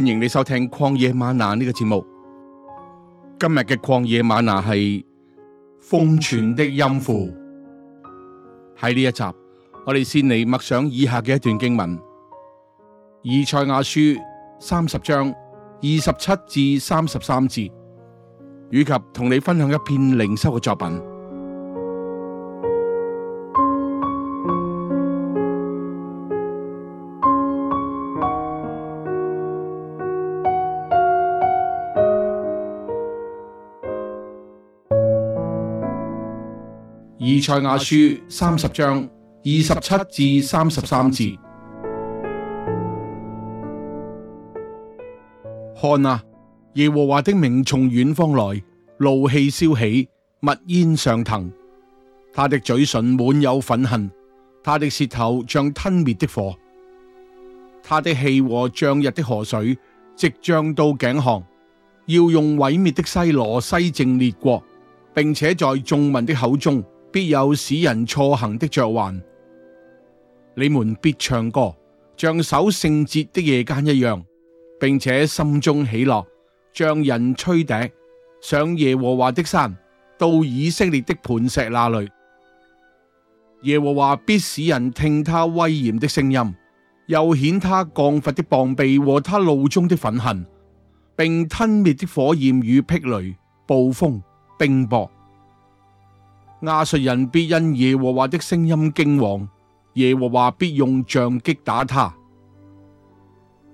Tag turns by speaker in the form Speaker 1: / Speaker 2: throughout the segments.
Speaker 1: 歡迎你收聽《曠野嗎哪》呢、這個節目。今日嘅《曠野嗎哪》係《封存的音符》，喺呢一集，我哋先嚟默想以下嘅一段經文：以塞《以賽亞書》三十章二十七至三十三節，以及同你分享一篇靈修嘅作品。以賽亞書三十章二十七至三十三節： 「看啊，耶和華的名從遠方來，怒氣燒起，密煙上騰。他的嘴唇滿有憤恨。他的舌頭像吞滅的火。他的氣和漲溢的河水，直漲到頸項，要用毀滅的篩籮篩淨列國，並且在眾民的口中。必有使人錯行的嚼環，你們必唱歌，像守聖節的夜間一樣，並且心中喜樂，像人吹笛，上耶和華的山，到以色列的磐石那裏。耶和華必使人聽他威嚴的聲音，又顯他降罰的膀臂和他怒中的憤恨，並吞滅的火焰與霹雷、暴風、冰雹。亞述人必因耶和華的聲音驚惶，耶和華必用杖擊打他，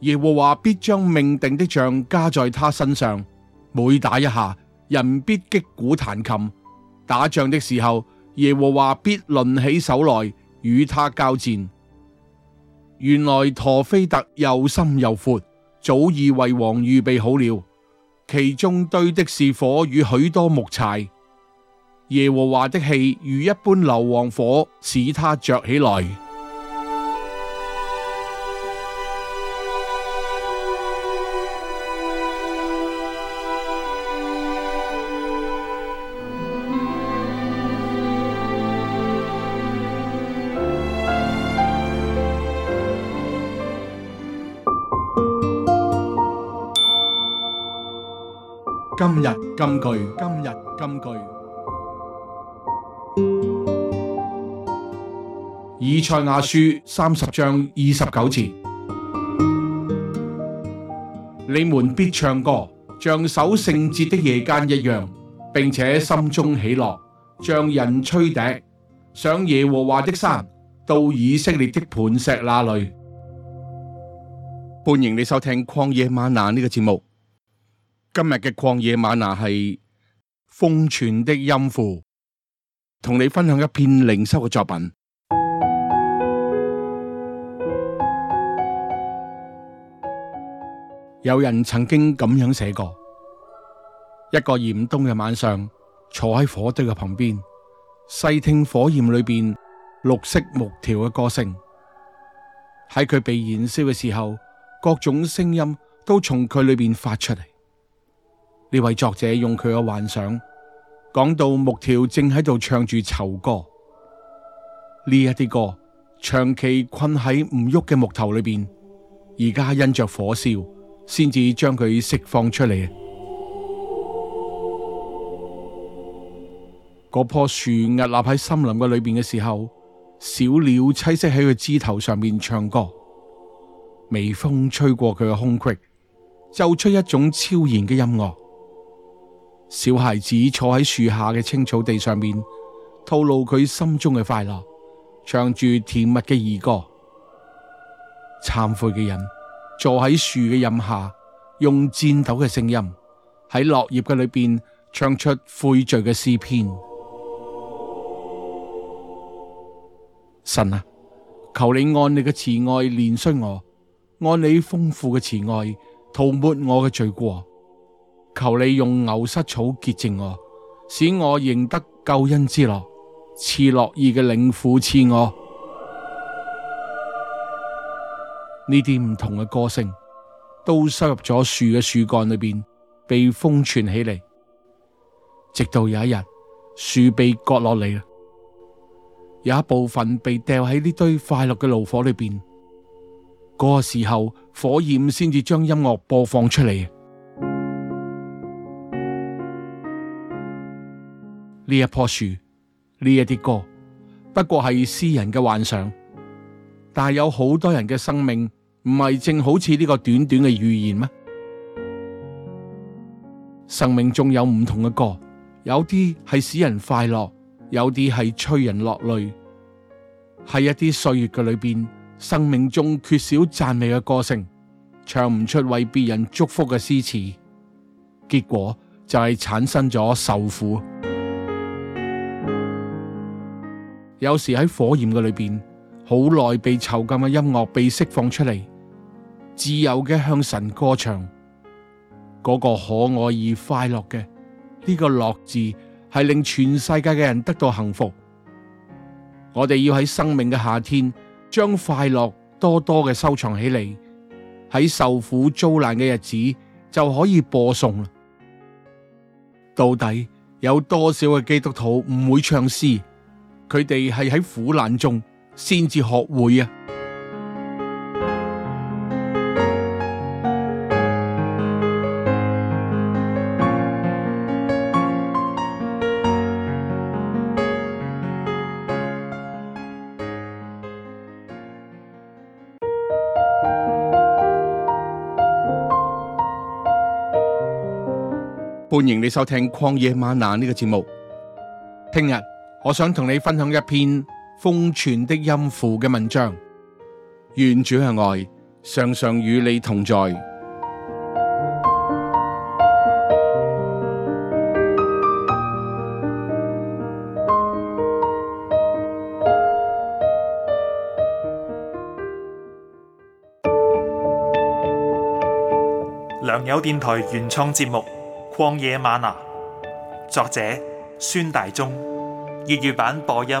Speaker 1: 耶和華必將命定的杖加在他身上。每打一下，人必擊鼓彈琴。打仗的時候，耶和華必掄起手來與他交戰。原來陀菲特又深又闊，早已為王預備好了，其中堆的是火與許多木柴。耶和華的氣如一般硫磺火，使他着起來。今日金句，今日金句。以賽亞書三十章二十九節：你們必唱歌，像守聖節的夜間一樣，並且心中喜樂，像人吹笛，上耶和華的山，到以色列的磐石那裏。歡迎你收聽曠野嗎哪呢個節目。今日嘅曠野嗎哪係封存的音符，同你分享一篇靈修嘅作品。有人曾經咁樣寫過：一個嚴冬嘅晚上，坐喺火堆嘅旁邊，細聽火焰裏邊綠色木條嘅歌聲。喺佢被燃燒嘅時候，各種聲音都從佢裏邊發出嚟。呢位作者用佢嘅幻想講到木條正喺度唱住囚歌。呢一啲歌，長期困喺唔喐嘅木頭裏邊，而家因着火燒。先至將佢釋放出嚟。嗰 棵樹屹立喺森林嘅裏邊嘅時候，小鳥棲息喺佢枝頭上面唱歌。微風吹過佢嘅空隙，奏出一種超然嘅音樂。小孩子坐喺樹下嘅青草地上面，透露佢心中嘅快樂，唱住甜蜜嘅兒歌。懺悔嘅人，坐喺樹嘅蔭下，用顫抖嘅聲音喺落葉嘅裏邊唱出悔罪嘅詩篇。神啊，求你按你嘅慈愛憐恤我，按你豐富嘅慈愛塗抹我嘅罪過。求你用牛膝草潔淨我，使我認得救恩之樂。賜樂意嘅靈父賜我。呢啲唔同嘅歌聲都收入咗樹嘅樹幹裏邊，被封存起嚟。直到有一日，樹被割落嚟啦，有一部分被掉喺呢堆快樂嘅爐火裏邊。嗰個時候，火焰先至將音樂播放出嚟。呢一棵樹，呢一啲歌，不過係詩人嘅幻想。但係有好多人嘅生命唔係正好似呢個短短嘅預言咩？生命中有唔同嘅歌，有啲係使人快樂，有啲係催人落淚，喺一啲歲月嘅裏邊，生命中缺少讚美嘅歌聲，唱唔出為別人祝福嘅詩詞，結果就係產生咗受苦。有時喺火焰嘅裏邊。好耐被囚禁嘅音樂被釋放出嚟，自由嘅向神歌唱。嗰個可愛而快樂嘅呢個樂字，係令全世界嘅人得到幸福。我哋要喺生命嘅夏天，將快樂多多嘅收藏起嚟。喺受苦遭難嘅日子，就可以播送啦。到底有多少嘅基督徒唔會唱詩？佢哋係喺苦難中。先至學會啊！歡迎你收聽《曠野嗎哪》呢個節目。聽日，我想同你分享一篇。封存的音符嘅文章，願主嘅愛常常與你同在。良友電台原創節目《曠野嗎哪》，作者孫大中，粵語版播音。